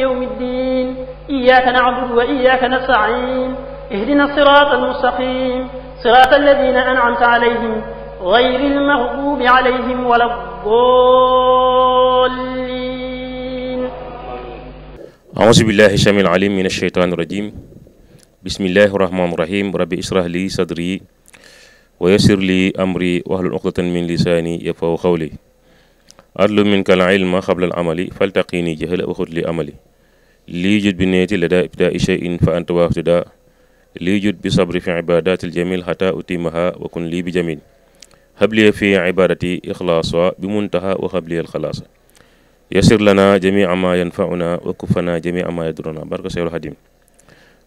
يوم الدين إياك نعبد وإياك نستعين اهدنا الصراط المستقيم صراط الذين أنعمت عليهم غير المغضوب عليهم ولا الضالين أعوذ بالله السميع العليم من الشيطان الرجيم بسم الله الرحمن الرحيم ربي اشرح لي صدري ويسر لي أمري واهل عقدة من لساني يفقهوا قولي adlu minka al ilma xabla al amali faltaqini jahla waxut li amali lii jut bi neeti la daa ibdaa shay'in fa anta waaftidaa lii jut bi sabri fi ibadaati aljamil xata utimaha wa kun lii bi jamil xabliya fi ibadati ixlaasa bi muntaha wa xabliya alxalaasa yasir lana jamia ma yanfauna wa kufana jamia ma yadruna barka seeru xadim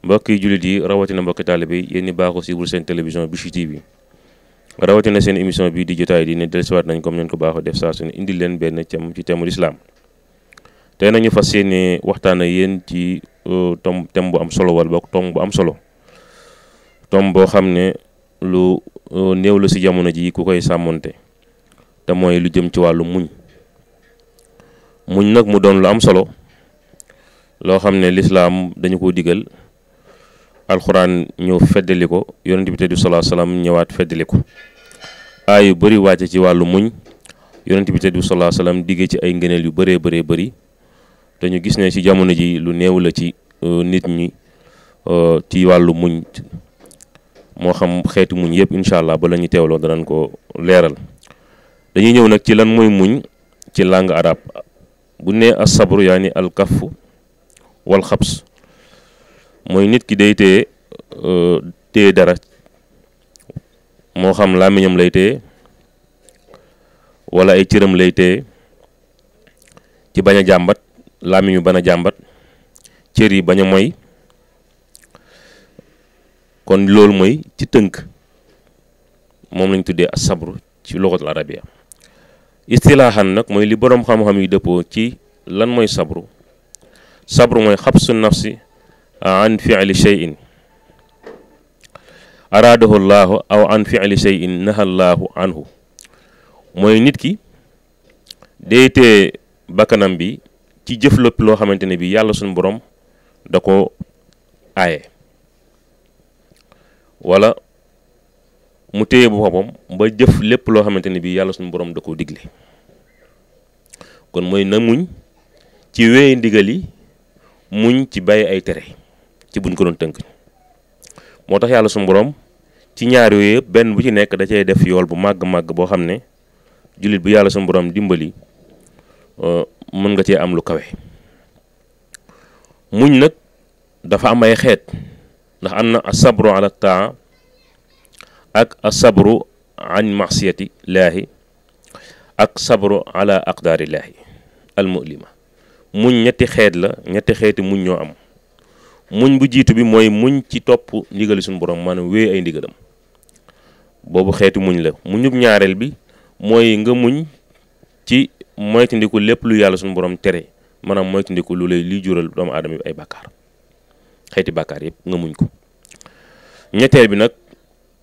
mbokki jullit yi rawatina mbokki taalibe yi yéen ñi baaxoo si wul seen télévision TV rawatina seen émission bii di jotaay di ne dellusiwaat nañ comme ñu ko baaxoo def saa su ne indil leen benn thème ci thème lislaam tey nañu fas yéene waxtaan ak yéen ci euh, tom thème bu am solo wala boog tom bu am solo tom boo xam ne lu euh, néew la si jamono ji ku koy sàmmonte te mooy lu jëm ci wàllu muñ muñ nag mu doon lu am solo loo xam ne lislaam dañu ko digal alxuraan ñëw feddali ko yonent bi te du salaa salaam ñëwaat feddali ko aay yu bëri wàcce ci wàllu muñ yonent bi te salaa salaam diggee ci ay ngëneel yu bëree bëree bari dañu gis ne ci jamono ji lu néew la ci euh, nit ñi euh, ci wàllu muñ moo xam xeetu muñ yëpp incha allah ba la ñu teewloo danañ ko leeral dañuy ñëw nag ci lan mooy muñ ci langue arabe bu nee as sabru yaa ni alkafu wal xabs mooy nit ki day téye euh, téye dara moo xam làmmiñam lay téye wala ay cëram lay téye ci bañ a jàmbat làmmiñ yu bañ a jàmbat cër yi bañ a moy kon loolu mooy ci tënk moom lañu tuddee ak asabru ci luxatul arabia istilaahan nag mooy li boroom xam-xam yi dëppoo ci lan mooy sabru sabru mooy xabsu nafsi an fi'li shay'in araadahu llaahu aw an fi'li shay'in naha llaahu anhu mooy nit ki day tee bakkanam bi ci jëf lépp loo xamante ne bi yàlla suñu boroom da ko aaye walla mu téye boppam ba jëf lépp loo xamante ne bi yàlla suñu borom da ko digle kon mooy na muñ ci wéy ndigal yi muñ ci bàyyi ay tere ci buñ ko doon tënk moo tax yàlla suñu ci ñaar yooyu yëpp benn bu ci nekk da cay def yool bu màgg-màgg boo xam ne jullit bu yàlla suñu borom dimbali euh, mën nga cee am lu kawe muñ nag dafa am ay xeet ndax am na asabru ala taa ak asabru an masiyati laahi ak sabru ala aqdaari laahi al muñ ñetti xeet la ñetti xeeti muñ ñoo am muñ bu jiitu bi mooy muñ ci topp ndigali suñu borom maanaam wéy ay ndigalam boobu xeeti muñ la muñub ñaareel bi mooy nga muñ ci moytandiku lépp lu yàlla suñu borom tere maanaam moytandiku lu lay liy jural doomu aadama bi ay bàkkaar xeeti bàkkaar yëpp nga muñ ko ñetteel bi nag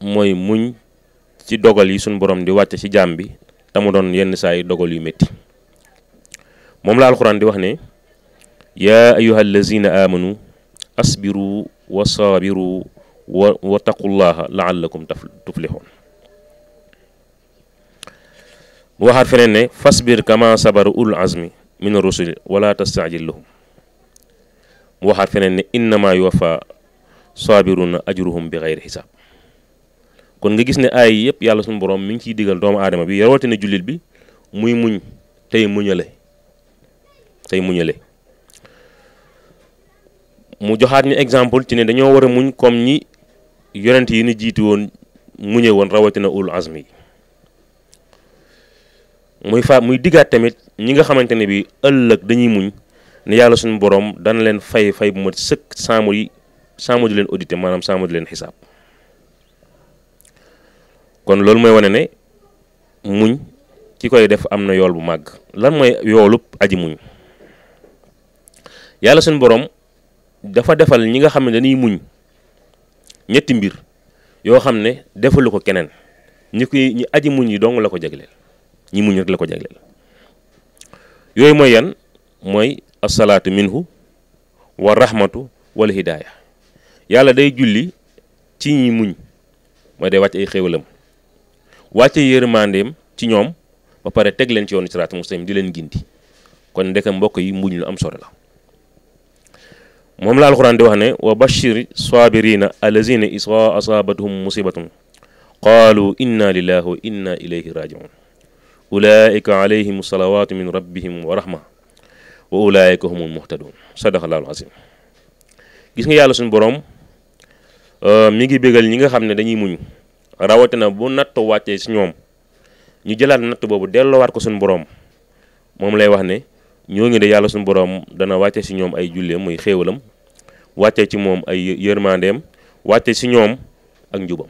mooy muñ ci dogal yi suñu borom di wàcce ci jaam bi te doon yenn saa yi dogal yu métti moom la alxuraan di wax ne yaa ayyuhal lazina amanu asbiru wa saabiru wa wa taqullaha laallakum tuflihun mu waxaat feneen ne fasbir kama sabara ul azmi min rusuli wala tastaajil lahum mu waxaat feneen ne innama yuwaffa saabiruna ajruhum bi xayri xisaab kon nga gis ne aay yëpp yàlla suñu borom mi ngi ciy diggal doomu aadama bi rawatina jullit bi muy muñ tey muñale tey muñale mu joxaat ni exemple ci ne dañoo war a muñ comme ñi yonent yi ñu jiitu woon muñe woon rawatina ul azmi yi muy fa muy diggaat tamit ñi nga xamante ne bi ëllëg dañuy muñ ne yàlla suñu borom dana leen fay fay bu mat sëkk saamu yi saamu di leen audité maanaam saamu di leen xisaab kon loolu mooy wane ne muñ ki koy def am na yool bu màgg lan mooy yoolub aji muñ yàlla suñu borom dafa defal ñi nga xam ne dañuy muñ ñetti mbir yoo xam ne defalu ko keneen ñi koy ñi aji muñ yi dong la ko jagleel ñi muñ la ko jagleel yooyu mooy yan mooy asalaatu minhu wa rahmatu wal hidaaya yàlla day julli ci ñi muñ mooy day wàcc ay xéewalam wàcce yërmandeem ci ñoom ba pare teg leen ci yoonu siraat mustaqim di leen gindi kon ndekam mbokk yi muñ lu am solo la moom la alxuraan di wax ne wa bashiri saabirina allazina isaa asaabathum musibatun qaalu inna lillahi wa inna ilayhi rajiun ulaika alayhim salawatu min rabbihim wa rahma wa ulaika humul muhtadun sadaqallahul azim gis nga yàlla suñu boroom euh, mi ngi bégal ñi nga xam ne dañuy muñ rawatina bu natt wàccee ci ñoom ñu jëlaat natt boobu delloowaat ko suñu boroom moom lay wax ne ñoo ngi de yàlla suñ borom dana wàcce si ñoom ay julleem muy xéewalam wàcce ci moom ay yërmandeem wàcce si ñoom ak njubam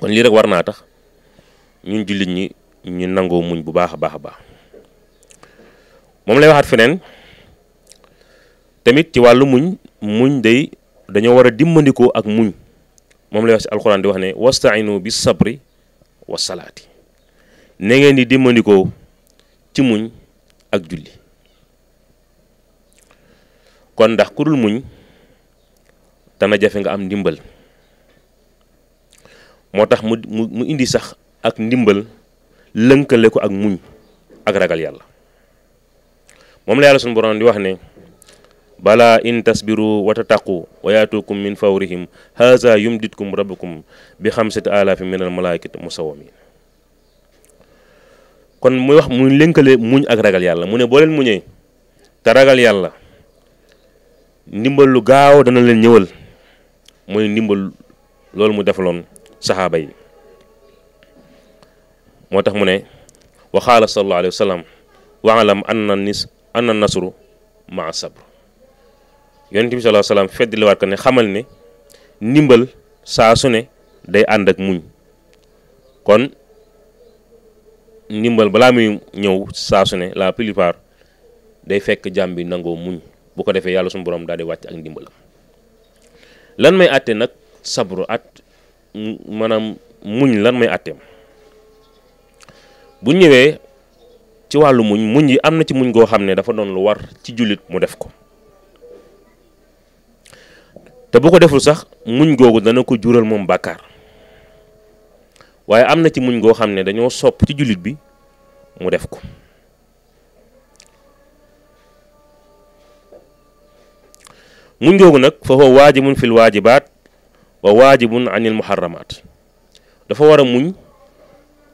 kon lii rek war naa tax ñun jullit ñi ñu nangoo muñ bu baax a baax a baax moom lay waxaat feneen tamit ci wàllu muñ muñ day dañoo war a dimbandikoo ak muñ moom lay wax si alxuraan di wax ne wastainu bi sabri wa salaati na ngeen di dimbandikoo ci muñ ak julli kon ndax ku dul muñ dana jafe nga am ndimbal moo tax mu mu indi sax ak ndimbal lënkale ko ak muñ ak ragal yàlla moom la yàlla sunu borom di wax ne balaa in tasbiru wa tattaqu wa yaatukum min fawrihim haza yumditkum rabbukum bi xamsati alaafi min al malaikati musawwamin kon muy wax muy lënkale muñ ak ragal yàlla mu ne boo leen muñee te ragal yàlla ndimbal lu gaaw dana leen ñëwal mooy ndimbal loolu mu defaloon saxaaba yi moo tax mu ne waxaala sallallahu alayhi wa sallam waalam anna nis anna nasru maa sabr yonent bi sallallahu alayhi fedd liwaat ko ne xamal ne ndimbal saa su ne day ànd ak muñ kon ndimbal balaa muy ñëw saa su ne la plupart day fekk jàmm bi nangoo muñ bu ko defee yàlla suñu borom daal di wàcc ak ndimbalam lan may àtte nag sabru at maanaam muñ lan may àtteem bu ñëwee ci wàllu muñ muñ yi am na ci muñ goo xam ne dafa doon lu war ci jullit mu def ko te bu ko deful sax muñ googu dana ko jural moom bàkkaar waaye am na ci muñ goo xam ne dañoo sopp ci jullit bi mu def ko muñ googu nag fa huwa waajibun fil waajibaat wa waajibun anil muharramaat dafa war a muñ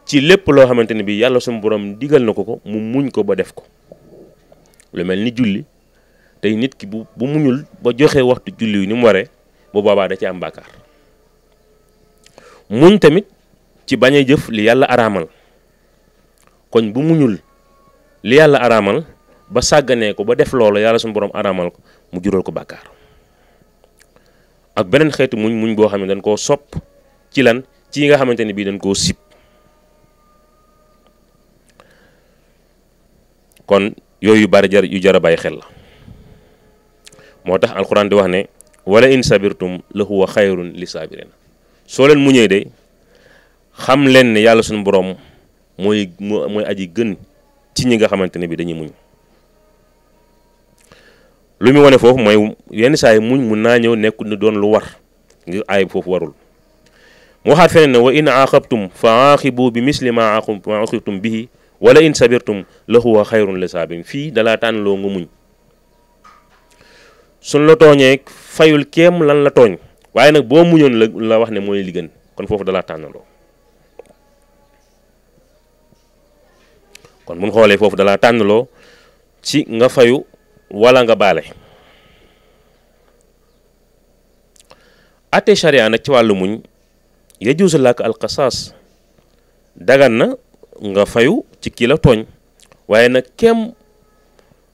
ci lépp loo xamante ne bi yàlla suñu boroom digal na ko ko mu muñ ko ba def ko lu mel ni julli tey nit ki bu muñul ba joxe waxtu julli yu ni mu waree bu boobaa da ci am bàkkaar muñ tamit ci bañ a jëf li yàlla araamal koñ bu muñul li yàlla araamal ba sàgganee ko ba def loolu yàlla suñu borom araamal ko mu jural ko bàkkaar ak beneen xeetu muñ muñ boo xam ne dañ koo sopp ci lan ci yi nga xamante ne bii dañ koo sib kon yooyu bari jar yu jar a bàyyi xel la moo tax alxuraan di wax ne wala in sabirtum la huwa xayrun li saabirina soo leen muñee de xam leen ne yàlla suñ boroom mooy mooy aji gën ci ñi nga xamante ne bi dañuy muñ lu mu wane foofu mooy yenn saa yi muñ mun naa ñëw nekk ni doon lu war ngir aay foofu warul mu waxaat feneen ne wa in aaqabtum fa aaqibu bi misli ma aaqibtum bihi wala in sabirtum la huwa xayrun li saabin fii dalaa tànn loo nga muñ suñ la tooñee fayul kem lan la tooñ waaye nag boo muñoon la la wax ne mooy li gën kon foofu dalaa tànnaloo kon bu ñu xoolee foofu dalaa tànnaloo ci nga fayu wala nga baale atte charia nag ci wàllu muñ yajuusu laka alqasaas dagan na nga fayu ci kii la tooñ waaye nag kem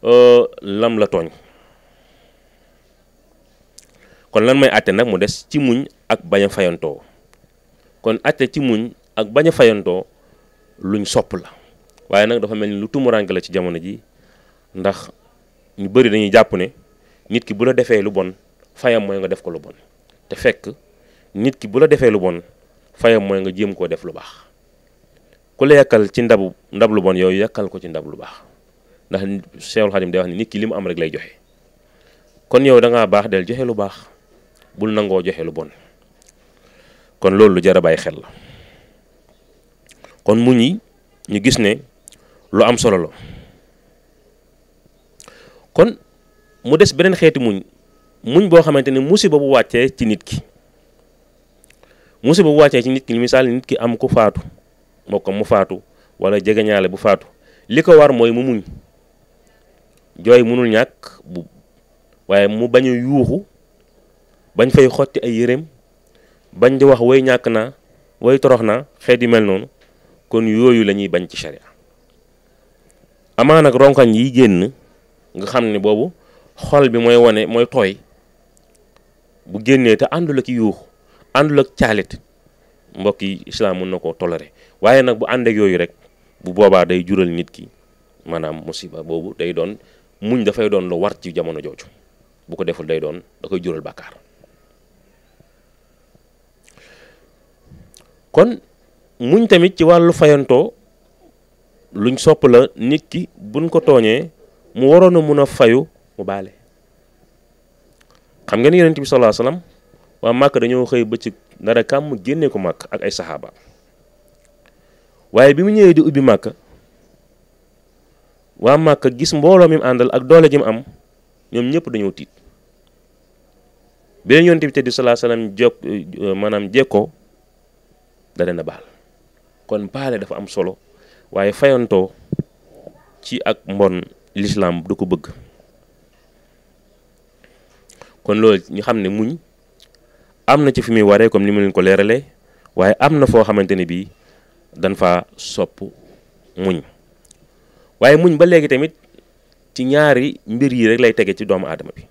euh, lam la tooñ kon lan mooy àtte nag mu des ci muñ ak bañ a fayantoo kon àtte ci muñ ak bañ a fayantoo luñ sopp la waaye nag dafa mel ni lu tumuraanke la ci jamono ji ndax ñu bari dañuy jàpp ne nit ki bu la defee lu bon fayam mooy nga def ko lu bon te fekk nit ki bu la defee lu bon fayam mooy nga jéem koo def lu baax ku la yàkkal ci ndabu ndab lu bon yooyu yàkkal ko ci ndab lu baax ndax Cheikhul Khadim day wax ni nit ki li mu am rek lay joxe kon yow da ngaa baax del joxe lu baax bul nangoo joxe lu bon kon loolu lu jar a bàyyi xel la kon mu ñi ñu gis ne lu am solo la. kon mu des beneen xeeti muñ muñ boo xamante ne musiba bu wàccee ci nit ki musiba bu wàccee ci nit ki misaal nit ki am ku faatu mbokkam mu faatu wala jegeñaale bu faatu li ko war mooy mu muñ jooy mënul ñàkk bu waaye mu bañ a yuuxu bañ fay xotti ay yéreem bañ di wax woy ñàkk naa woy torox naa xeet mel noonu kon yooyu lañuy bañ ci sharia amaa nag ronkañ yi génn nga xam ne boobu xol bi mooy wane mooy tooy bu génnee te àndul ak yuux àndul ak caalit mbokk yi islam mën na koo toléré waaye nag bu ànd yooyu rek bu boobaa day jural nit ki maanaam musiba boobu day doon muñ dafay doon lu war ci jamono jooju bu ko deful day doon da koy jural bàkkaar kon muñ tamit ci wàllu fayantoo luñ sopp la nit ki buñ ko tooñee mu waroon a mun a fayu mu baale xam ngeen yonent bi sallallahu alayhi waa màkk dañoo xëy bëccëg dara kàmm génne ko màkk ak ay saxaaba waaye bi mu ñëwee di ubbi màkk waa màkk gis mbooloo mi mu àndal ak doole ji mu am ñoom ñëpp dañoo tiit bi leen yonent bi te di sallallahu alayhi wasallam jokk euh, maanaam jekkoo da leen baal kon baale dafa am solo waaye fayantoo ci ak mbon l'islam du ko bëgg kon loolu ñu xam ne muñ am na ci fi muy waree comme ni mu leen ko leeralee waaye am na foo xamante ne bii dañ fa sopp muñ waaye muñ ba léegi tamit ci ñaari mbir yi rek lay tege ci doomu aadama bi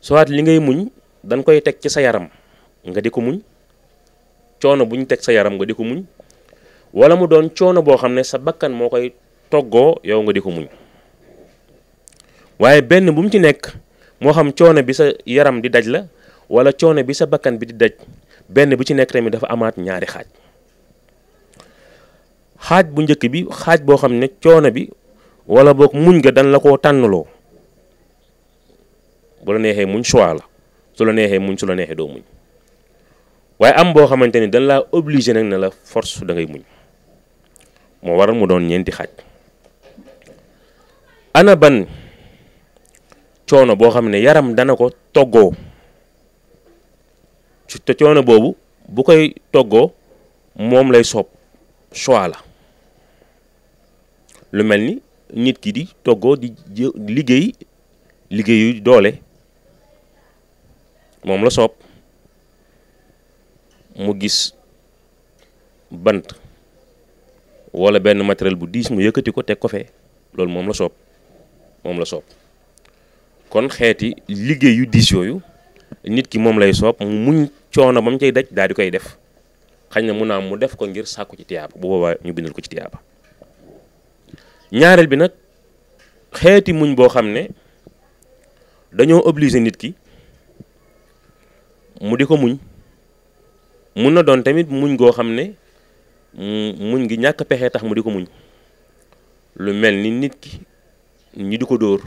soit li ngay muñ dañ koy teg ci sa yaram nga di ko muñ coono bu teg sa yaram nga di ko muñ wala mu doon coono boo xam ne sa bakkan moo koy toggoo yow nga di ko muñ waaye benn bu mu ci nekk moo xam coono bi sa yaram di daj la wala coono bi sa bakkan bi di daj benn bu ci nekk tamit dafa amaat ñaari xaaj xaaj bu njëkk bi xaaj boo xam ne coono bi wala boog muñ nga dan la koo tànnaloo bu la neexee muñ choix la su la neexee muñ su la neexee doo muñ waaye am boo xamante ni dañ laa obligé nag ne la force da ngay muñ moo waral mu doon ñeenti xaaj ana coono boo xam ne yaram dana ko toggoo te coono boobu bu koy toggoo moom lay soob choix la lu mel ni nit ki di toggoo di liggéey liggéeyu doole moom la soob mu gis bant walla benn matériel bu diis mu yëkkati ko teg ko loolu moom la soob moom la soob kon xeeti liggéey yu diis yooyu nit ki moom lay soob mu muñ coono ba mu cay daj daal di koy def xañ na mun naa mu def ko ngir sàkku ci tiyaaba bu boobaa ñu bindal ko ci tiyaaba ñaareel bi nag xeeti muñ boo xam ne dañoo obligé nit ki mu di ko muñ mun na doon tamit muñ goo xam ne muñ gi ñàkk pexe tax mu di ko muñ lu mel ni nit ki ñu di ko dóor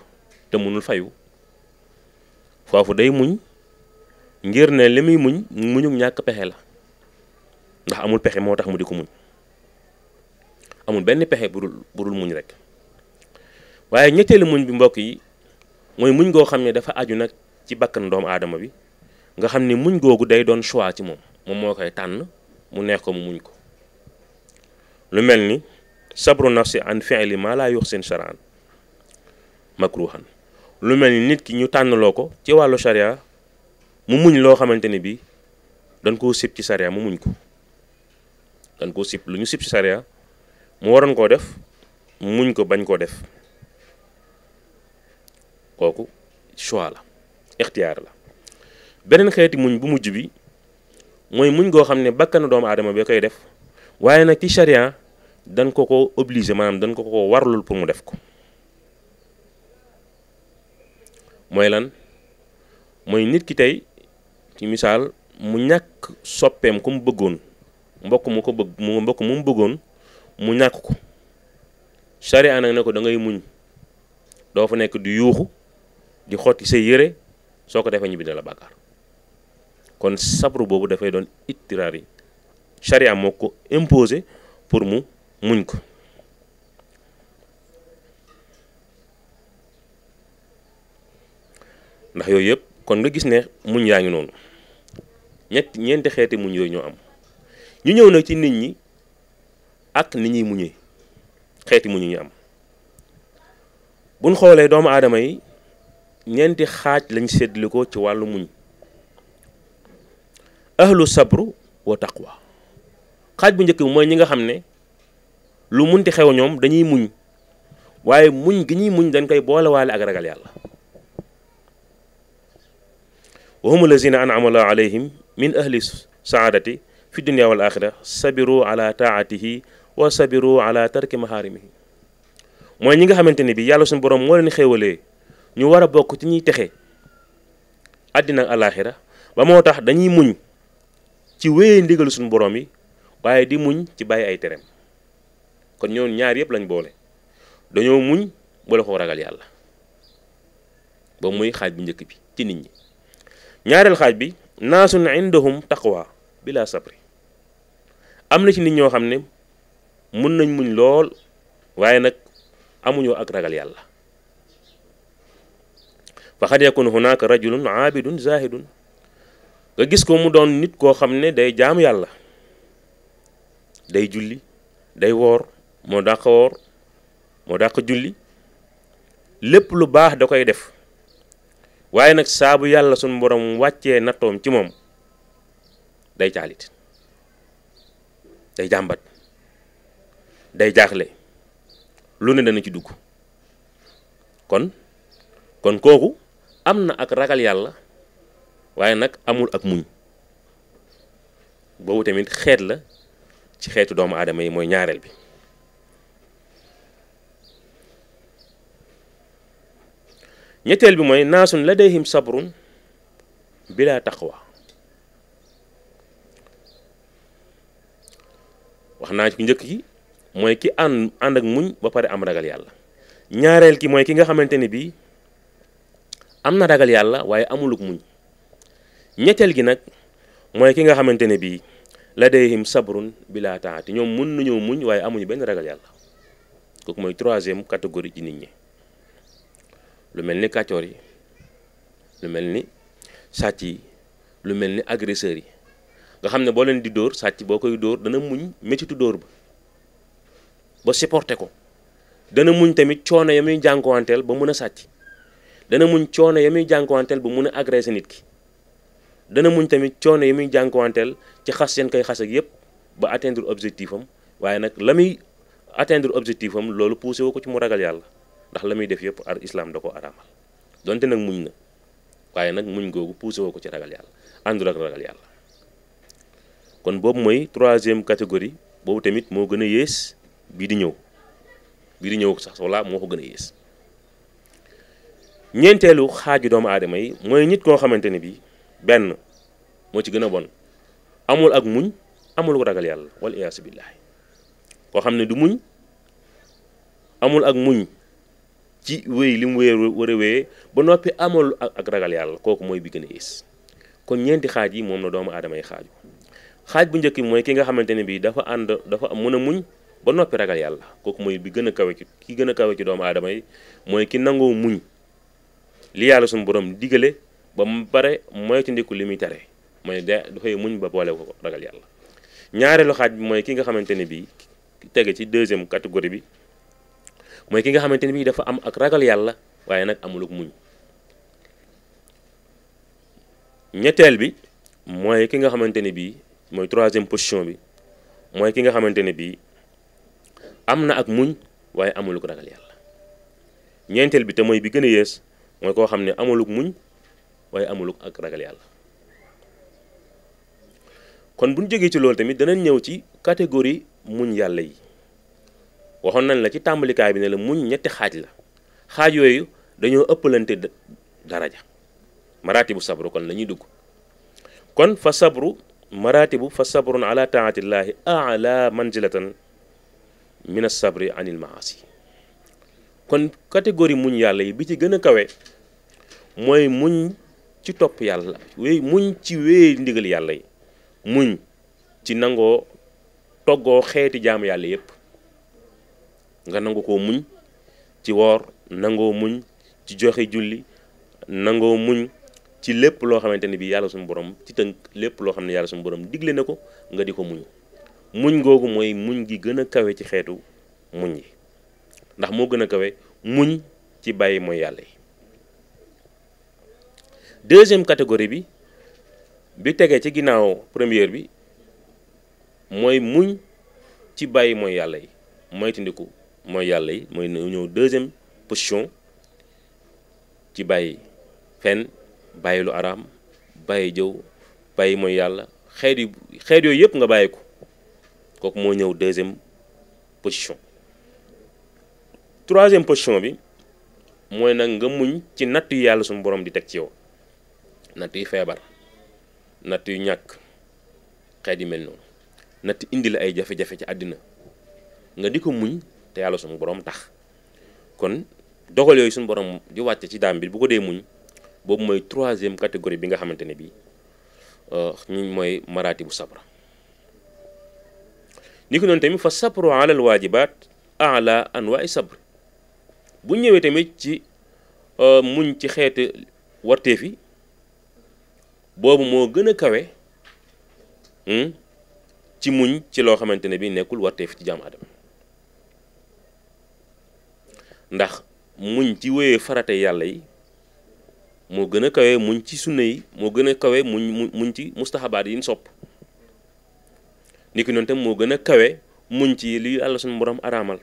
te mënul fayu foofu day muñ ngir ne li muy muñ muñu ñàkk pexe la ndax amul pexe moo tax mu di ko muñ amul benn pexe bu dul bu dul muñ rek waaye ñetteelu muñ bi mbokk yi mooy muñ goo xam ne dafa aju nag ci bakkan doomu aadama bi nga xam ni muñ googu day doon choix ci moom moom moo koy tànn mu neex ko mu muñ ko lu mel ni sabru nafsi an fi'li ma la yuhsin shar'an makruhan lu mel ni nit ki ñu tànnaloo ko ci wàllu charia mu muñ loo xamante ni bii dañ koo sib ci charia mu muñ ko dañ koo sib lu ñu sib ci charia mu waroon koo def muñ ko bañ koo def kooku choix la ixtiyaar la beneen xeeti muñ bu mujj bi mooy muñ goo xam ne bakkanu doomu aadama bi koy def waaye nag ci charia dañ ko ko obligé maanaam dañ ko ko warlul pour mu def ko mooy lan mooy nit ki tey ci misaal mu ñàkk soppeem ku mu bëggoon mbokk mu ko bëgg mbokk mu mu bëggoon mu ñàkk ko charia nag ne ko da ngay muñ doo fa nekk di yuuxu di xotti say yére soo ko defee ñu bindal la kon sabru boobu dafay doon ittiraar yi charia moo ko imposé pour mu muñ ko ndax yooyu yëpp kon nga gis ne muñ yaa ngi noonu ñett ñeenti xeeti muñ yooyu ñoo am ñu ñëw nag ci nit ñi ak ni ñuy muñee xeeti muñ ñu am buñ xoolee doomu aadama yi ñeenti xaaj lañ séddli ko ci wàllu muñ ahlu sabru wa taqwa xaaj bu njëkk bi mooy ñi nga xam ne lu munti xew ñoom dañuy muñ waaye muñ gi ñuy muñ dañ koy boolewaale ak ragal yàlla wa hum allazina an'ama allahu alayhim min ahli saadati fi dunia wal axira sabiru ala taatihi wa sabiru ala tarki maharimihi mooy ñi nga xamante ni bi yàlla suñ borom moo leen xéewalee ñu war a bokk ci ñuy texe àddina ak alaxira ba moo tax dañuy muñ ci wéyee ndigalu suñu borom yi waaye di muñ ci bàyyi ay tereem kon ñoom ñaar yëpp lañ boole dañoo muñ boole ko ragal yàlla ba muy xaaj bu njëkk bi ci nit ñi ñaareel xaaj bi naasu naasun indahum taqwa bila sabri am na ci nit ñoo xam ne mun nañ muñ lool waaye nag amuñoo ak ragal yàlla fa xad yakun hunaka rajulun aabidun zahidun nga gis ko mu doon nit koo xam ne day jaamu yàlla day julli day woor moo dàq woor moo dàq julli lépp lu baax da koy def waaye nag saabu yàlla suñ borom wàccee nattoom ci moom day caalit day jàmbat day jaaxle lu ne dana ci dugg kon kon kooku am na ak ragal yàlla waaye nag amul ak muñ boobu tamit xeet la ci xeetu doomu aadama yi mooy ñaareel bi ñetteel bi mooy la naasun ladayhim sabrun bila taqwa wax naa ci njëkk ki mooy ki ànd ànd ak muñ ba pare am ragal yàlla ñaareel ki mooy ki nga xamante ni bii am na ragal yàlla waaye amuluk muñ ñetteel gi nag mooy ki nga xamante ne bii ladayhim sabrun bila taati ñoom mun nañoo muñ waaye amuñu benn ragal yàlla kooku mooy troisième catégorie ci nit ñi lu mel ni kàccoor yi lu mel ni sàcc yi lu mel ni agresseurs yi nga xam ne boo leen di dóor sàcc boo koy dóor dana muñ métitu dóor ba ba supporté ko dana muñ tamit coono ya muy jànkuwanteel ba mun a sàcc dana muñ coono ya muy jànkuwanteel ba mën a agressé nit ki dana muñ tamit coono ya muy jànkuwanteel ci xas seen koy xas ak yépp ba atteindre objectif am waaye nag la muy atteindre objectif am loolu poussé wu ko ci mu ragal yàlla ndax la muy def yëpp ar islaam da ko araamal donte nag muñ na waaye nag muñ googu poussé woo ko ci ragal yàlla àndul ak ragal yàlla kon boobu mooy troisième catégorie boobu tamit moo gën a yées bii di ñëw bii di ñëw sax walla moo ko gën a yées ñeenteelu xaaju doomu aadama yi mooy nit koo xamante ne bi benn moo ci gën a bon amul ak muñ amul ko ragal yàlla wal iyaasu billaahi koo xam ne du muñ amul ak muñ ci wéy li mu wéy war a wéyee ba noppi amalu ak ragal yàlla kooku mooy bi gën a yées kon ñeenti xaaj yi moom na doomu aadama yi xaaju xaaj bu njëkk bi mooy ki nga xamante ne bii dafa ànd dafa mën a muñ ba noppi ragal yàlla kooku mooy bi gën a kawe ci ki gën a kawe ci doomu aadama mooy ki nangoo muñ li yàlla suñu borom digale ba mu pare moytandiku li muy tere mooy de dafay muñ ba boole ko ragal yàlla ñaareelu xaaj bi mooy ki nga xamante ne bii tege ci deuxième catégorie bi mooy ki nga xamante ni bii dafa am ak ragal yàlla waaye nag amul ak muñ ñetteel bi mooy ki nga xamante ni bii mooy troisième position bi mooy ki nga xamante ne bii am na ak muñ waaye amul ak ragal yàlla ñeenteel bi te mooy bi gën a yées mooy koo xam ne amul ak muñ waaye amul ak ragal yàlla kon bu ñu jógee ci loolu tamit danañ ñëw ci catégorie muñ yàlla yi. waxoon nañ la ci tàmbalikaay bi ne la muñ ñetti xaaj la xaaj yooyu dañoo ëppalante daraja maraatibu sabru kon la ñuy dugg kon fa sabru maraatibu fa sabrun ala taatillaahi ala manzilatan min as-sabri anil maasi kon catégorie muñ yàlla yi bi ci gën a kawe mooy muñ ci topp yàlla wéy muñ ci wéy ndigal yàlla yi muñ ci nangoo toggoo xeeti jaamu yàlla yépp nga nangu ko muñ ci woor nangoo muñ ci joxe julli nangoo muñ ci lépp loo xamante ni bi yàlla suñu borom ci tënk lépp loo xam ne yàlla suñu borom digle na ko nga di ko muñ muñ googu mooy muñ gi gën a kawe ci xeetu muñ yi ndax moo gën a kawe muñ ci bàyyi mooy yàlla yi deuxième catégorie bi bi tegee ci ginnaaw premiere bi mooy muñ ci bàyyi mooy yàlla yi moytandiku mooy yàlla yi mooy ñëw deuxième position ci bàyyi fen bàyyi lu araam bàyyi jëw bàyyi mooy yàlla xeet yu xeet yooyu yëpp nga bàyyi ko kooku moo ñëw deuxième position troisième position bi mooy nag nga muñ ci natt yu yàlla suñu borom di teg ci yow natt yu feebar natt yu ñàkk xeet yu mel noonu natt indi la ay jafe-jafe ci àddina nga di ko muñ te yàlla suñu boroom tax kon dogal yooyu suñu borom di wàcce ci daam bi bu ko dee muñ boobu mooy troisième catégorie bi nga xamante ne bii euh, mooy maraati bu sabra ni ko noonu tamit fa sabru alal waajibaat ala anwaai sabr bu ñëwee tamit ci euh, muñ ci xeetu warteef yi boobu moo gën a kawe hmm, ci muñ ci loo xamante ne bii nekkul warteef ci jaam aadama ndax muñ ci wéyee farate yàlla yi moo gën a kawe muñ ci sunna yi moo gën a kawe muñ ci mustahabaat yi sopp ni tam moo gën a kawe muñ ci li yàlla suñu borom araamal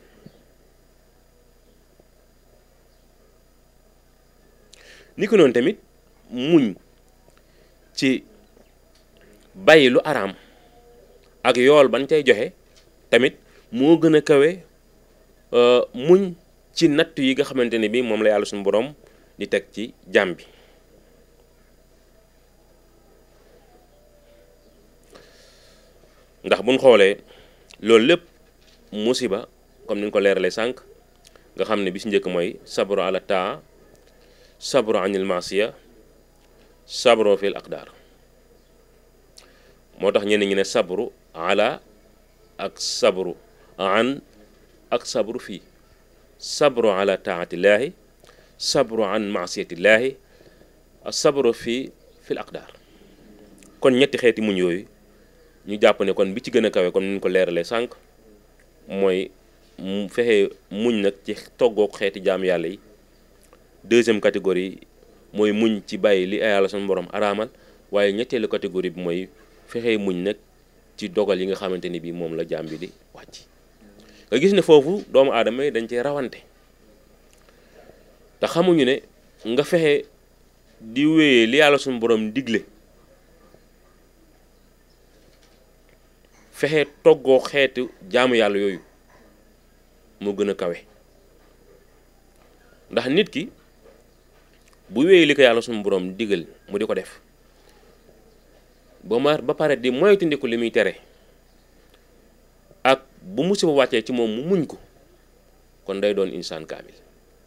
ni ko tamit muñ ci bàyyi lu araam ak yool ban cay joxe tamit moo gën a kawe euh, muñ ci natt yi nga xamante ne bi moom la yàlla suñu borom di teg ci jaam bi ndax buñ xoolee loolu lépp musiba comme ni ñu ko leeralee sànq nga xam ne bi si njëkk mooy sabro ala taa sabro anil masiya sabro fil aqdar moo tax ñenn ñi ne sabru ala ak sabru an ak sabaru fii sabru ala taatillaahi sabru an maasiyatillaahi sabru fi fil aqdaar kon ñetti xeeti muñ yooyu ñu jàpp ne kon bi ci gën a kawe comme ni ñu ko leeralee sànq mooy fexe muñ nag ci toggoog xeeti jaam yàlla yi deuxième catégorie mooy muñ ci bàyyi li ay yàlla sunu borom araamal waaye ñetteelu catégorie bi mooy fexe muñ nag ci dogal yi nga xamante ni bii moom la jaam bi di wàcc. nga gis ne foofu doomu aadama yi dañ cee rawante te xamuñu ne nga fexe di wéyee li yàlla suñu boroom digle fexe toggoo xeetu jaamu yàlla yooyu moo gën a kawe ndax nit ki bu wéyee li ko yàlla suñu borom digal mu di ko def ba ma ba pare di moytandiku li muy tere bu musiba wàccee ci moom mu muñ ko kon day doon insaan kaamil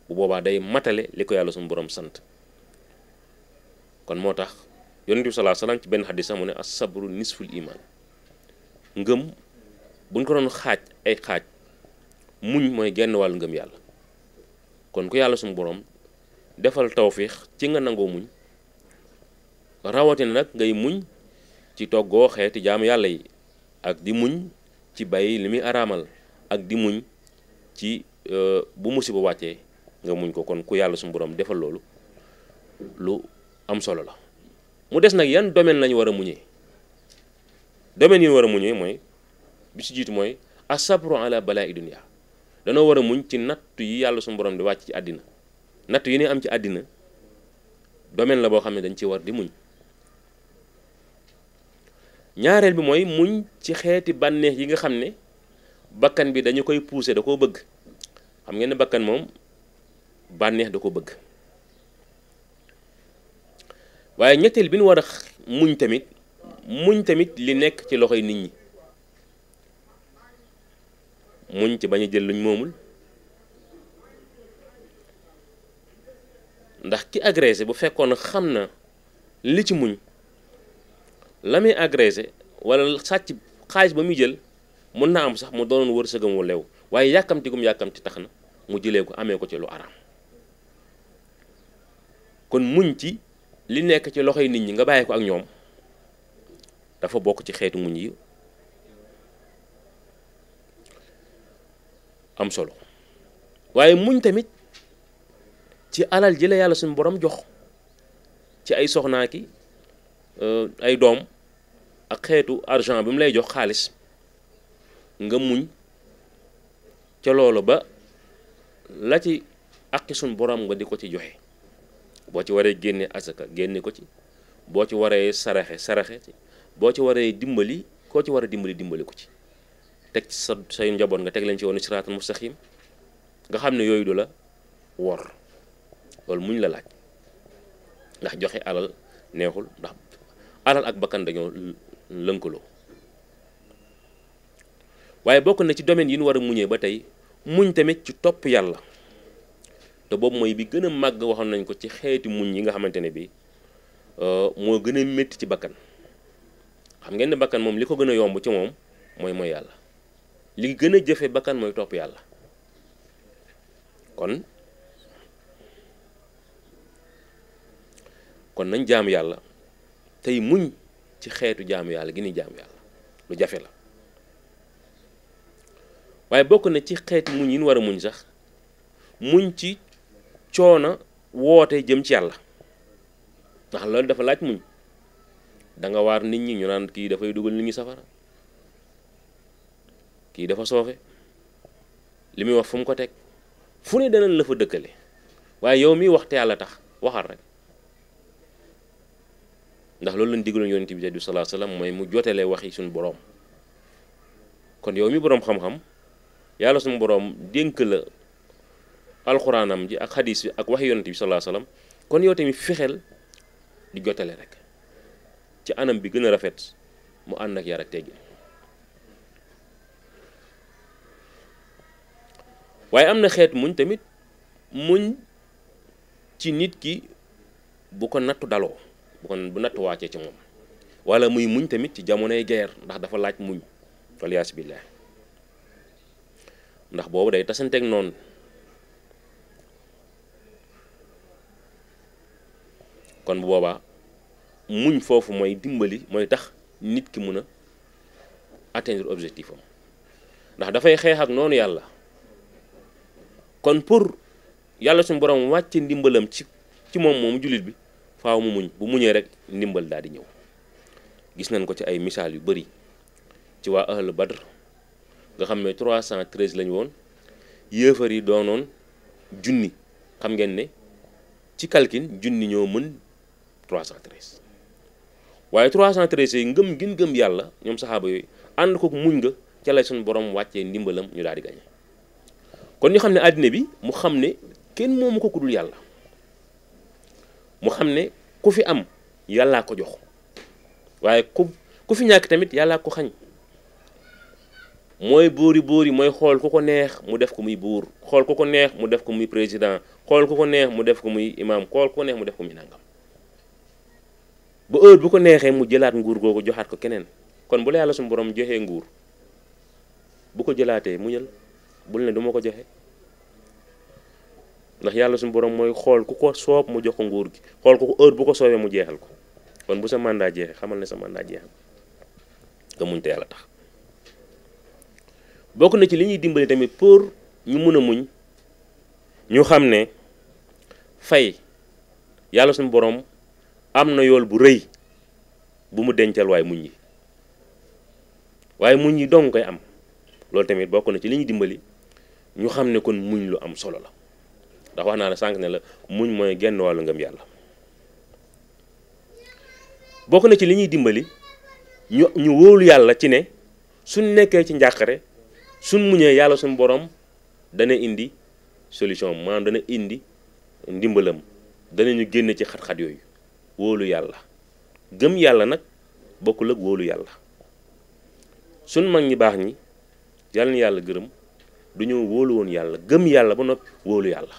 bu boobaa day matale li ko yàlla suñu boroom sant kon moo tax yonent bi salaa salaam ci benn xadis sax mu ne as sabru nisful iman ngëm buñ ko doon xaaj ay xaaj muñ mooy genn wàll ngëm yàlla kon ku yàlla suma borom defal tawfiix ci nga nangoo muñ rawatina nag ngay muñ ci toggoo xeeti jaam yàlla yi ak di muñ ci bàyyi li muy araamal ak di muñ ci euh, bu musiba wàccee nga muñ ko kon ku yàlla suñu defal loolu lu am solo la mu des nag yan domaine lañu war a muñee domaine yi war a muñee mooy bi si jiitu mooy asabru ala balaa i dunia danoo war a muñ ci nattu yi yàlla suñu di wàcc ci àddina nattu yi ne am ci àddina domaine la boo xam ne dañ ci war di muñ ñaareel bi mooy muñ ci xeeti bànneex yi nga xam ne bakkan bi dañu koy pousser da koo bëgg xam ngeen ne bakkan moom bànneex da ko bëgg waaye ñetteel bi ñu war a muñ tamit muñ tamit li nekk ci loxoy nit ñi muñ ci bañ a jël luñ moomul ndax ki agressé bu fekkoon xam na li ci muñ la muy agressé wala sàcc xaalis ba muy jël mun naa am sax mu doonoon wërsëgam wu lew waaye yàkkamti gum yàkkamti tax na mu jëlee ko amee ko ci lu araam kon muñ ci li nekk ci loxo yi nit ñi nga bàyyi ko ak ñoom dafa bokk ci xeetu muñ yi am solo waaye muñ tamit ci alal ji yàlla suñu boroom jox ci ay soxnaa Euh, ay doom ak xeetu argent bi mu lay jox xaalis nga muñ ca loolu ba la ci àqi suñ borom nga di ko ci joxe boo ci waree génne asaka génne ko ci boo ci waree saraxe saraxe boo ci waree dimbali koo ci war a dimbali dimbali ko ci teg ci sa say njaboot nga teg leen ci yoonu siraatal mustaqiim nga xam ne yooyu du la wor loolu muñ la laaj ndax joxe alal neexul ndax alal ak bakkan dañoo lënkaloo waaye bokk na ci domaine yin ñu war a muñee ba tey muñ tamit ci topp yàlla te boobu mooy bi gën a màgg waxoon nañ ko ci xeeti muñ yi nga xamante ne bi euh, moo gën a métti ci bakkan xam ngeen ne bakkan moom li ko gën a yomb ci moom mooy mooy yàlla li gën a jëfe bakkan mooy topp yàlla kon kon nañ jaam yàlla tey muñ ci xeetu jaamu yàlla gi ni jaamu yàlla lu jafe la waaye bokk na ci xeetu muñ yi war a muñ sax muñ ci coono woote jëm ci yàlla ndax loolu dafa laaj muñ danga nga waar nit ñi ñu naan kii dafay dugal nit ñi safara kii dafa soofe li muy wax fu ko teg fu ne danañ la fa dëkkale waaye yow mi wax te yàlla tax waxal rek ndax loolu lañ digaloon yonent bi sallallahu alayhi wasallam mooy mu jotelee waxi suñu boroom kon yow mi boroom xam-xam yàlla suñu boroom dénk la alxuraanam ji ak xadiis bi ak waxi yonent bi sallallahu alayhi kon yow tamit fexeel di jotale rek ci anam bi gën rafet mu ànd ak yar ak teggin waaye am na xeet muñ tamit muñ ci nit ki bu ko nattu daloo bu kon bu natt wàccee ci moom wala muy muñ tamit ci jamonoy guerre ndax dafa laaj muñ waliyaas billaah ndax boobu day tasanteeg noonu kon bu boobaa muñ foofu mooy dimbali mooy tax nit ki mun a atteindre objectif am ndax dafay xeex ak noonu yàlla kon pour yàlla suñu borom wàcce ndimbalam ci ci moom moomu jullit bi faaw mu muñ bu muñee rek ndimbal daal di ñëw gis nañ ko ci ay misaal yu bari ci waa ahlu nga xam ne 313 lañu woon yéefar yi doonoon junni xam ngeen ne ci kalkin junni ñoo mën 313 waaye 313 yi ngëm gën ngëm yàlla ñoom saxaaba yooyu ànd ko muñ nga ca lay suñu borom wàccee ndimbalam ñu daal di gañe kon ñu xam ne àddina bi mu xam ne kenn moomu ko ku yàlla mu xam ne ku fi am yàllaa ko jox waaye ku ku fi ñàkk tamit yàllaa ko xañ mooy buuri buur yi mooy xool ku ko neex mu def ko muy buur xool ku ko neex mu def ko muy président xool ku ko neex mu def ko muy imaam xool ku ko neex mu def ko muy nangam ba ër bu ko neexee mu jëlaat nguur googu joxaat ko keneen kon bu la yàlla suñu borom joxee nguur bu ko jëlaatee mu muñal bul ne du ma ko joxe ndax yàlla suñu borom mooy xool ku ko soob mu jox ko nguur gi xool ko ko heure bu ko soobee mu jeexal ko kon bu sa mandat jeexee xamal ne sa mandat jeexal nga muñ te yàlla tax bokk na ci li ñuy tamit pour ñu mun a muñ ñu xam ne fay yàlla suñu borom am na yool bu rëy bu dencal waaye muñ yi waaye muñ yi dong am loolu tamit bokk na ci li ñuy dimbali ñu xam ne kon muñ lu am solo la. ndax wax naa la sànq ne la muñ mooy genn wàllu ngam yàlla bokk na ci li ñuy dimbali ñu ñu wóolu yàlla ci ne suñ nekkee ci njàqare suñ muñee yàlla suñ borom dana indi solution maanaam dana indi ndimbalam dana ñu génn ci xat-xat yooyu wóolu yàlla gëm yàlla nag bokkul ak wóolu yàlla suñ mag ñi baax ñi yàlla na yàlla gërëm du ñu wóolu woon yàlla gëm yàlla ba noppi wóolu yàlla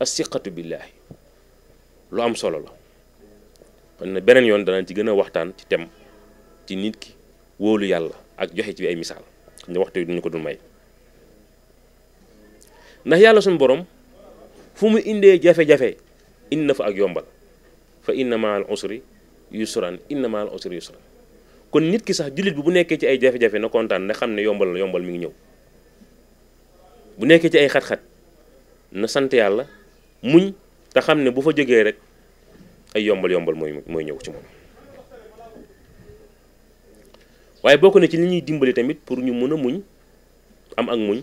asiqatu billaahi lu am solo la kon na beneen yoon danañ ci gën a waxtaan ci tem ci nit ki wóolu yàlla ak joxe ci ay misaal xam ne waxtu duñu ko dul may ndax yàlla suñu boroom fu mu indee jafe-jafe indi na fa ak yombal fa inna maal usri yusran inna maal usri yusran kon nit ki sax jullit bi bu nekkee ci ay jafe-jafe na kontaan ne xam ne yombal yombal mi ngi ñëw bu nekkee ci ay xat-xat na sant yàlla muñ te xam ne bu fa jegee rek ay yombal yombal mooy mooy ñëw ci moom waaye bokk na ci li ñuy dimbali tamit pour ñu mën a muñ am ak muñ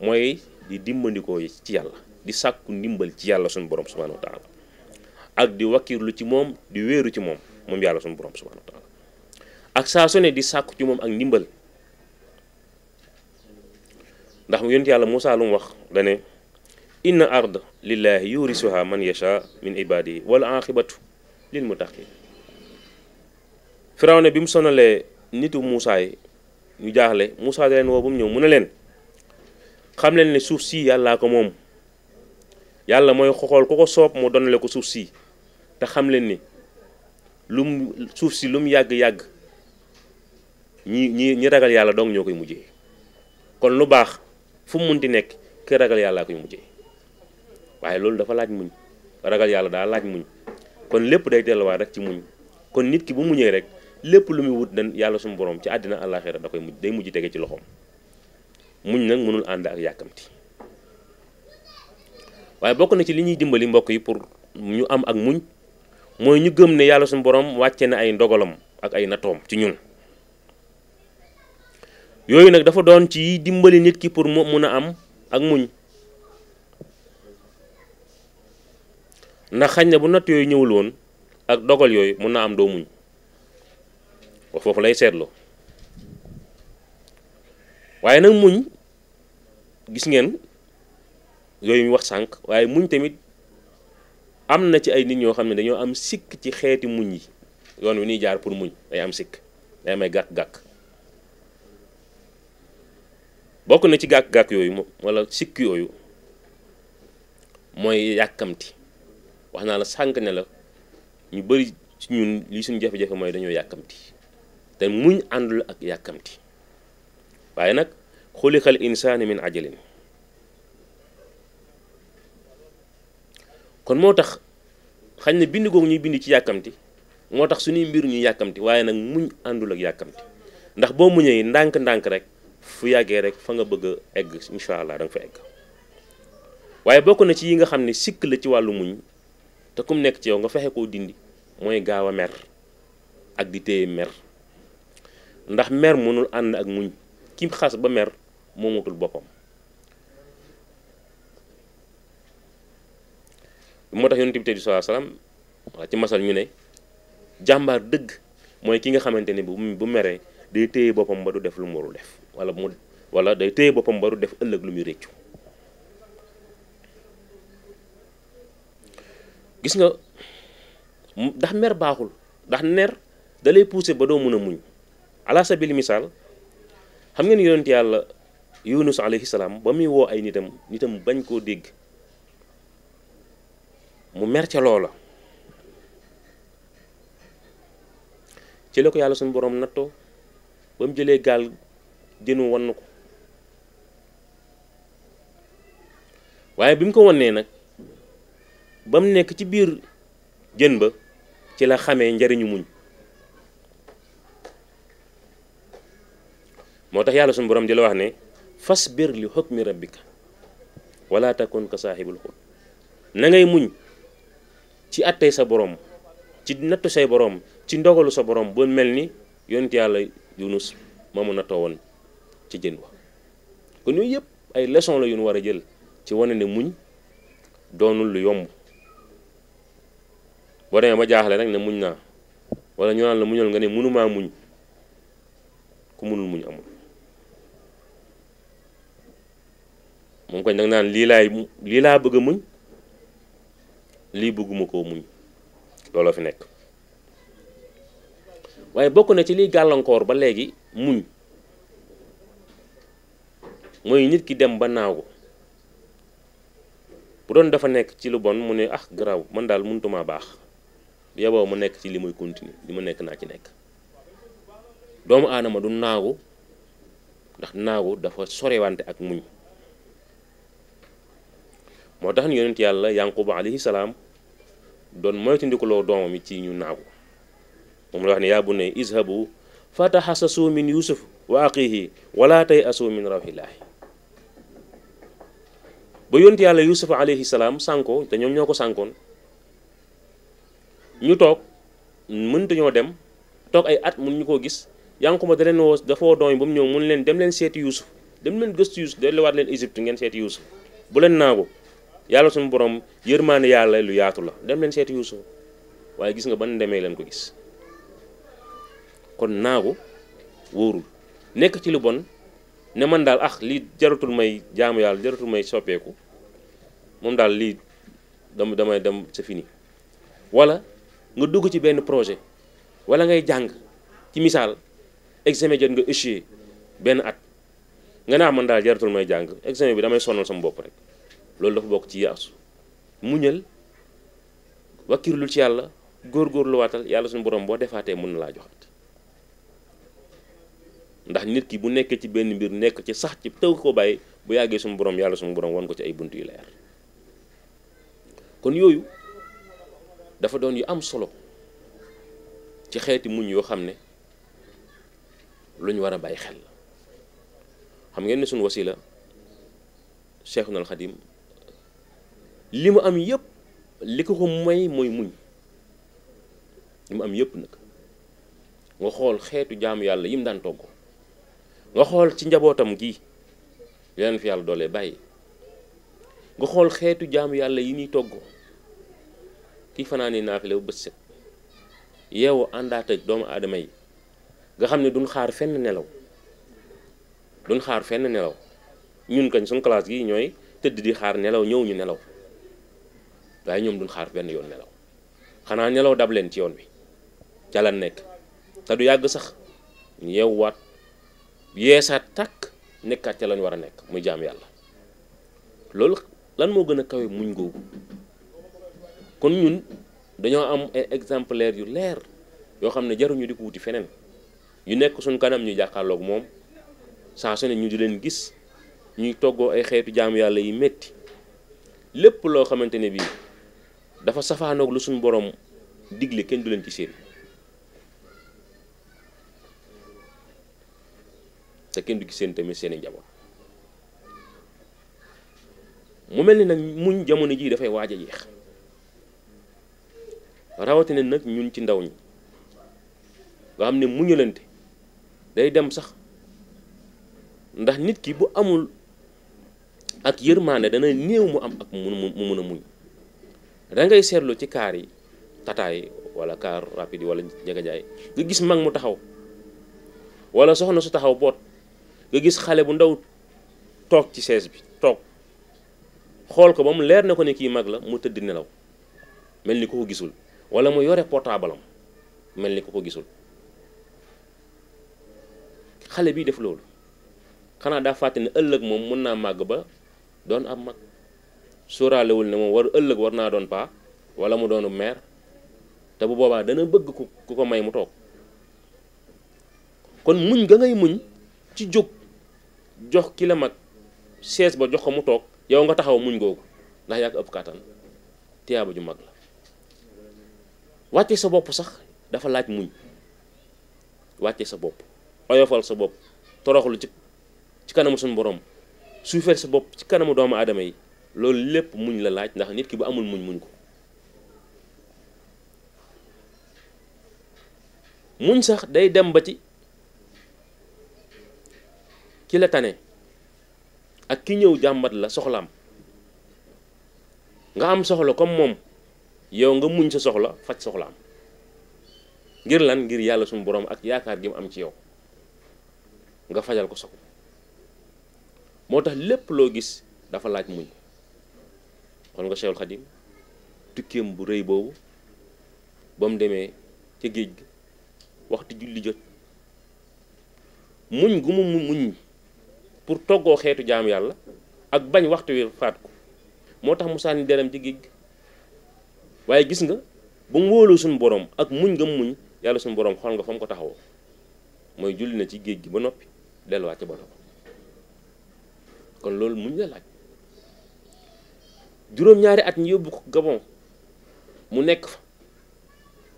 mooy di dimbandikoo ci yàlla di sàkku ndimbal ci yàlla suñu borom subhanahu wa taala ak di wakkirlu ci moom di wéeru ci moom moom yàlla suñu borom subhanahu wa ak saa su di sàkku ci moom ak ndimbal ndax yonent yàlla Muusaa lu mu wax dane inna ard lillaahi yurisuha man yasha min ibadihi wal aqibatu lil muttaqin ne bi mu sonalee nitu Moussa yi ñu jaaxle Moussa da leen woo ba mu ñëw mu ne leen xam leen ne suuf sii yàllaa ko moom yàlla mooy xoxool ku ko soob mu donnale ko suuf si te xam leen ni lu mu suuf si lu mu yàgg-yàgg ñi ñi ñi ragal yàlla doog ñoo koy mujjee kon lu baax fu mu ti nekk ki ragal yàllaa koy mujjee waaye loolu dafa laaj muñ ragal yàlla daa laaj muñ kon lépp day delluwaat rek ci muñ kon nit ki bu muñee rek lépp lu muy wut dan yàlla suñu borom ci àddina àllaaxira da koy mujj day mujj tege ci loxoom muñ nag mënul ànd ak yàkkamti waaye bokk na ci li ñuy dimbali mbokk yi pour ñu am ak muñ mooy ñu gëm ne yàlla suñu borom wàcce na ay ndogalam ak ay natoom ci ñun yooyu nag dafa doon ci dimbali nit ki pour mu mun a am ak muñ ndax xañ na bu natt yooyu ñëwul woon ak dogal yooyu mun naa am doo muñ foofu lay seetloo waaye nag muñ gis ngeen yooyu mu wax sànq waaye muñ tamit am na ci ay nit ñoo xam ne dañoo am sikk ci xeeti muñ yi yoon wi ñuy jaar pour muñ ay am sikk day am gàkk-gàkk bokk na ci gàkk-gàkk yooyu walla sikk yooyu mooy yàkkamti wax naa la sànq ne la ñu bëri ci ñun li suñ jafe-jafe mooy dañoo yàkkamti te muñ àndul ak yàkkamti waaye nag xuliqal insaani min ajalin kon moo tax xañ ne bind googu ñuy bind ci yàkkamti moo tax suñuy mbir ñuy yàkkamti waaye nag muñ àndul ak yàkkamti ndax boo muñee ndànk-ndànk rek fu yàggee rek fa nga bëgg egg incha allah da fa egg waaye bokk na ci yi nga xam ne sikk la ci wàllu muñ te kum nekk ci yow nga fexe koo dindi mooy gaaw a mer ak di téye mer ndax mer mënul ànd ak muñ kim xas ba mer moomatul boppam moo tax yonent bi tey sallallahu alayhi wasallam ci masal ñu ne jàmbaar dëgg mooy ki nga xamante ni bu bu meree day téye boppam ba du def lu mu warul def wala mu wala day téye boppam ba du def ëllëg lu muy réccu gis nga ndax mer baaxul ndax ner da lay ba doo mun a muñ ala sabili misaal xam ngeen yonent yàlla yunus alayhi salaam ba muy woo ay nitam nitam bañ koo dégg mu mer ca loola ci ko yàlla suñu boroom nattoo ba mu jëlee gaal jënu wann ko waaye bi mu ko wonee nag ba mu nekk ci biir jën ba ci la xamee njariñu muñ moo tax yàlla suñu borom di la wax ne fasbir li hukmi rabbika wala takun ka saaxibul xut na muñ ci attey sa boroom ci nattu say borom ci ndogalu sa borom ba mel ni yonent yàlla yunus ma mu nattoo woon ci jën wa ko yooyu yëpp ay leçon la yu ñu war a jël ci wane ne muñ doonul lu yomb boo demee ba jaaxle rek ne muñ naa wala ñu naan la muñal nga ne mënumaa muñ ku mënul muñ amul moom koñ nag naan lii laay lii laa bëgg muñ lii bëgguma koo muñ looloo fi nekk waaye bokk na ci liy gàllankoor ba léegi muñ mooy nit ki dem ba naaw bu doon dafa nekk ci lu bon mu ne ah garaaw man daal mënutuma baax yeboo mu nekk ci limuy muy continuer li mu nekk naa ci nekk doomu aadama du naagu ndax naagu dafa sorewante ak muñ moo tax ni yonent yàlla yanquba alayhi salaam doon moytandikuloo doomam yi ci ñu naagu moom la wax ne yaa bu ne izhabu fataxasasu min yusuf wa aqihi wala tay asu min rawxillaahi ba yonent yàlla yusuf alayhi salaam sànkoo te ñoom ñoo ko sànkoon ñu toog mënut ñoo dem toog ay at mun ñu koo gis Yankuba da leen woo dafa woo doom yi ba mu ñëw mun leen dem leen seeti Yuusuf dem leen gëstu Yuusuf waat leen Égypte ngeen seeti Yuusuf bu leen naagu yàlla suñu borom yërmaane yàlla lu yaatu la dem leen seeti Yuusuf waaye gis nga ban demee leen ko gis kon naagu wóorul nekk ci lu bon ne man daal ah lii jaratul may jaamu yàlla jaratul may soppeeku moom daal lii dama damay dem c'est fini wala nga dugg ci benn projet wala ngay jàng ci misaal examen jot nga échoué benn at nga naa ah, man daal jaratul may jàng examen bi damay sonal sama bopp rek loolu dafa bokk ci yaasu mu muñal lu ci yàlla góorgóorlu waatal yàlla suñu borom boo defaatee mën na laa joxat ndax nit ki bu nekkee ci benn mbir nekk ci sax ci taw ko bàyyi bu yàggee suñu borom yàlla suñu borom wan ko ci ay bunt yu leer kon yooyu dafa doon yu am solo ci xeeti muñ yoo xam ne lu ñu war a bàyyi xel la xam ngeen ne suñu wasila Cheikhuna al Xadim li mu am yëpp li ko ko may mooy muñ li mu am yëpp nag nga xool xeetu jaamu yàlla yi yim daan togg nga xool ci njabootam gii yeneen fi yàlla doolee bàyyi nga xool xeetu jaamu yàlla yi ñuy togg kii fanaani naafile bu bët set yeewu àndaat doomu aadama yi nga xam ne duñ xaar fenn nelaw duñ xaar fenn nelaw ñun kañ suñ classe gi ñooy tëdd di xaar nelaw ñëw ñu nelaw waaye ñoom duñ xaar benn yoon nelaw xanaa nelaw dab leen ci yoon bi ca la nekk te du yàgg sax ñu yeewuwaat yeesaat tàkk nekkaat ca lañ war a nekk muy jaam yàlla loolu lan moo gën a kawe muñ googu kon ñun dañoo am ay exemplaires yu leer yoo xam ne jaruñu di ko wuti feneen yu nekk suñ kanam ñu jàkkaarloog moom saa su ne ñu di leen gis ñuy toggoo ay xeetu jaamu yàlla yi metti lépp loo xamante ne bii dafa safaanoog lu suñ boroom digle kenn du leen ci seen te kenn du ci seen tamit seen i njaboot mu mel ni nag muñ jamono jii dafay waaj a rawatina nag ñun ci ndaw ñi nga xam ne muñalante day dem sax ndax nit ki bu amul ak yërmaande dana néew mu am ak mu mun a muñ da seetlu ci kaar yi tataay wala kaar rapide yi wala njegejaay nga gis mag mu taxaw wala soxna su taxaw boot nga gis xale bu ndaw toog ci sees bi toog xool ko ba mu leer na ko ne kii mag la mu tëdd nelaw mel ni ko ko gisul wala mu yore portaabalam mel ni ku ko gisul xale bi def loolu xanaa daa fàtte ni ëllëg moom mën naa màgg ba doon ab mag sóoraalewul ne moom war ëllëg war naa doon paa wala mu doonu meer te bu boobaa dana bëgg ku ku ko may mu toog kon muñ ga ngay muñ ci jóg jox ki la mag sees ba jox ko mu toog yow nga taxaw muñ googu ndax yaa ko ëpp kàttan tiyaaba ju mag la wàcce sa bopp sax dafa laaj muñ wàcce sa bopp oyofal sa bopp toroxlu ci ci kanamu suñu borom suufeel sa bopp ci kanamu doomu aadama yi loolu lépp muñ la laaj ndax nit ki bu amul muñ muñ ko muñ sax day dem ba ci ki la tane ak ki ñëw jàmbat la soxlaam nga am soxla comme moom yow nga muñ sa soxla faj soxla am ngir lan ngir yàlla suñu boroom ak yaakaar gi mu am ci yow nga fajal ko soxla moo tax lépp loo gis dafa laaj muñ kon nga Cheikhul Khadim tukkeem bu rëy boobu ba mu demee ca géej gi waxtu julli jot muñ gu mu muñ pour toggoo xeetu jaam yàlla ak bañ waxtu wi faat ko moo tax mu sànni deram ci géej gi waaye gis nga ba mu wóoloo suñu borom ak muñ nga muñ yàlla suñu borom xool nga fa mu ko taxawoo mooy julli na ci géej gi ba noppi delluwaat ca bato kon loolu muñ la at yóbbu ko Gabon mu nekk fa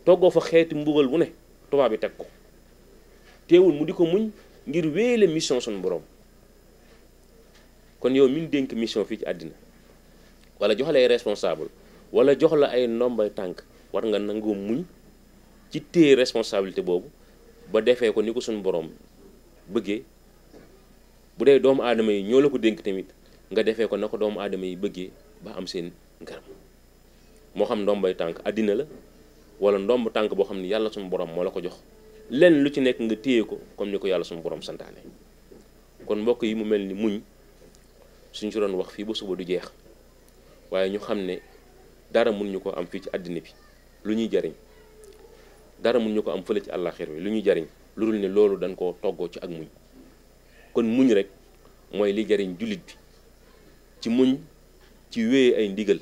toggoo fa xeeti mbugal bu ne tubaab bi teg ko teewul mu di ko muñ ngir wéele mission suñu borom kon yow min dénk mission fii ci àddina wala joxalee responsable wala jox la ay ndombay tànk war nga nangoo muñ ci téye responsabilité boobu ba defee ko ni ko suñu borom bëggee bu dee doomu aadama yi ñoo la ko dénk tamit nga defee ko na ko doomu aadama yi bëggee ba am seen ngaram moo xam ndombay tànk àddina la wala ndomb tànk boo xam ne yàlla suñu borom moo la ko jox lenn lu ci nekk nga téye ko comme ni ko yàlla suñu borom santaane kon mbokk yi mu mel ni muñ suñ ci doon wax fii ba suba du jeex waaye ñu xam dara mun ñu ko am fii ci àddina bi lu ñuy jariñ dara mun ñu ko am fële ci àllaaxir bi lu ñuy jariñ lu dul ne loolu dañ koo toggoo ci ak muñ kon muñ rek mooy li jariñ jullit bi ci muñ ci wéye ay ndigal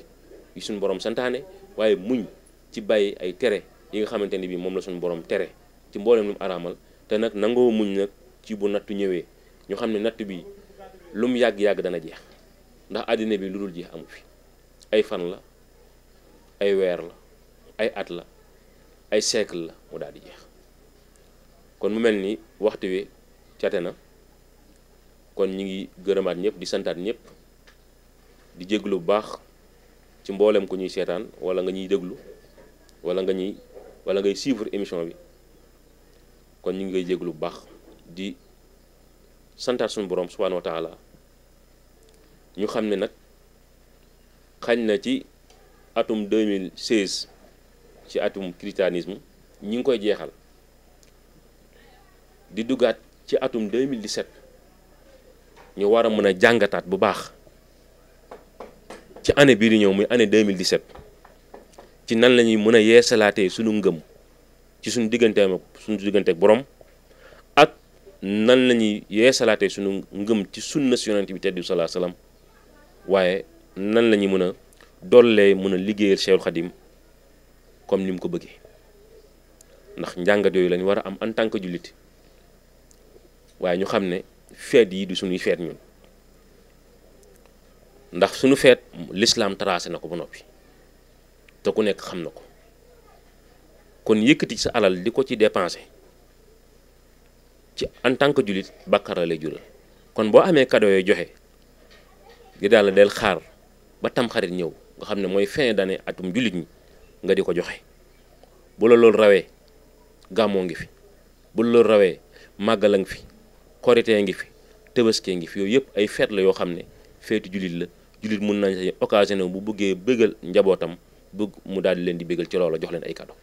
yi suñu borom santaane waaye muñ ci bàyyi ay tere yi nga xamante ni bii moom la suñ borom tere ci mboolem lu araamal te nag nangoo muñ nag ci bu nattu ñëwee ñu xam ne natt bi lu yàgg-yàgg dana jeex ndax àddina bi lu dul jeex amu fi ay fan la ay weer la ay at la ay siècle la mu daal jeex kon mu mel ni waxtu wi cate na kon ñi ngi gërëmaat ñëpp di santaat ñëpp di jéglu bu baax ci mboolem ko ñuy seetaan wala nga ñuy déglu wala nga ñuy wala ngay suivre émission bi kon ñu ngi koy jéglu bu baax di santaat suñu borom subhanahu wa ñu xam ne nag xañ na ci atum 2016 ci atum christianisme ñi ngi koy jeexal di duggaat ci atum 2017 ñu war a mën a jàngataat bu baax ci année bii di ñëw muy année 2017 ci nan la ñuy mën a yeesalaatee suñu ngëm ci suñu digganteem ak suñu digganteeg borom ak nan la ñuy yeesalaatee sunu ngëm ci sunna si yonent bi tedd salaa salaam waaye nan lañuy mën a. dollee mën a liggéeyal Cheikhul Khadim comme ni mu ko bëggee ndax njàngat yooyu lañu war a am en tant que jullit waaye ñu xam ne feet yi du suñuy feet ñun ndax suñu feet l'islam tracé na ko ba noppi te ku nekk xam na ko kon yëkkati sa alal di ko ci dépensé ci en tant que jullit bàkkaar la jural kon boo amee cadeau yooyu joxe gi daal del xaar ba tam xarit ñëw nga xam ne mooy fin d'année atum jullit nga di ko joxe bu la loolu rawee gàmmoo ngi fi bu la loolu rawee màggal a ngi fi korite ngi fi tëbaskee ngi fi yooyu yëpp ay feet la yoo xam ne feetu jullit la jullit mun nañ sa occasionné bu bëggee bëggal njabootam bëgg mu daal di leen di bëggal ci loola jox leen ay cadeau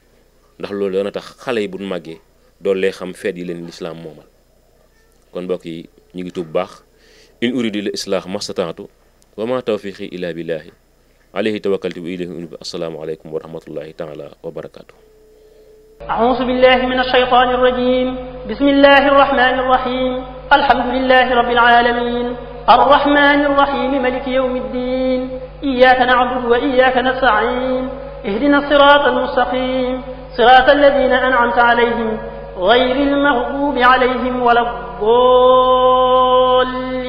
ndax loolu dana tax xale yi bu màggee doolu lay xam feet yi leen lislaam moomal kon mbokk yi ñu ngi tuub baax in uridu l islah mastataatu wa ma tawfiqi illa billahi alayhi tawakkaltu wa ilayhi unib assalaamu aleykum wa rahmatullahi taala wa barakaatu أعوذ بالله من الشيطان الرجيم بسم الله الرحمن الرحيم الحمد لله رب العالمين الرحمن الرحيم ملك يوم الدين إياك نعبد وإياك نستعين اهدنا الصراط المستقيم صراط الذين أنعمت عليهم غير المغضوب عليهم ولا الضالين